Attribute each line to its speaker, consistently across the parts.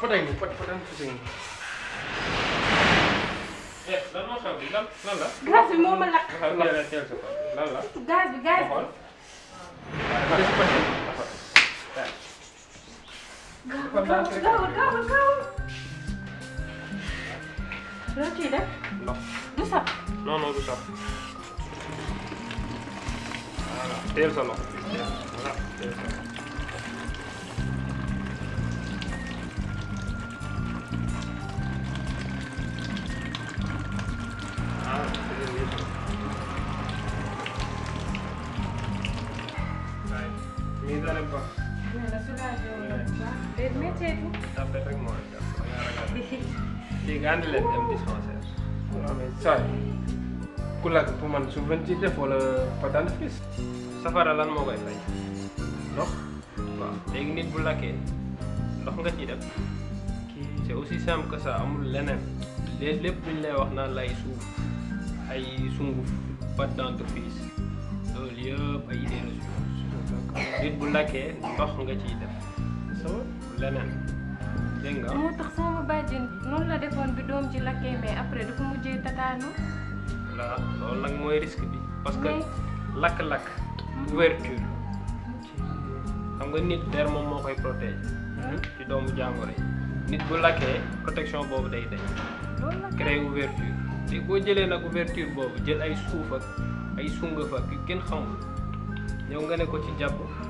Speaker 1: Peraí, pode não, não, não, não, não, não, não, não, não, não, não, não, não não não não
Speaker 2: não não não não não não não não, não, não, não, não, não, não,
Speaker 1: não, não, não, não, não, Nidarabba. Tapere moita. Digandile dem dispensaire. Sai. Kula ko man souvenir def wala patan fis. Safara lan mo koy fay. Ndox. Waaw, légui nit bu laké ndox nga ci def. C'est aussi simple que ça amul lenen. Lepp buñ lay wax na lay suuf ay sunguf pat dentifrice. Lool yépp ay idée nit bu lakkee ndox nga ciy def soo leneen dégg nga. moo
Speaker 2: tax sama bàjjen noonu la defoon bi doom ji lakkee mais après dafa mujjee tataanu.
Speaker 1: voilà loolu nag mooy risque bi. parce que lakk-lakk. couverture xam nga nit der moom moo koy protéger. Hmm? ci doomu jàngoro yi. nit bu lakkee protection boobu day day créer ouverture te boo jëlee nag ouverture boobu jël ay suuf ak ay sungaf ak kenn xamul ñëw nga ne ko ci jàpp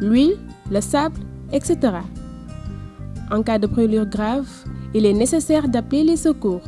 Speaker 2: l'huile, le sable, etc. En cas de brûlure grave, il est nécessaire d'appeler les secours.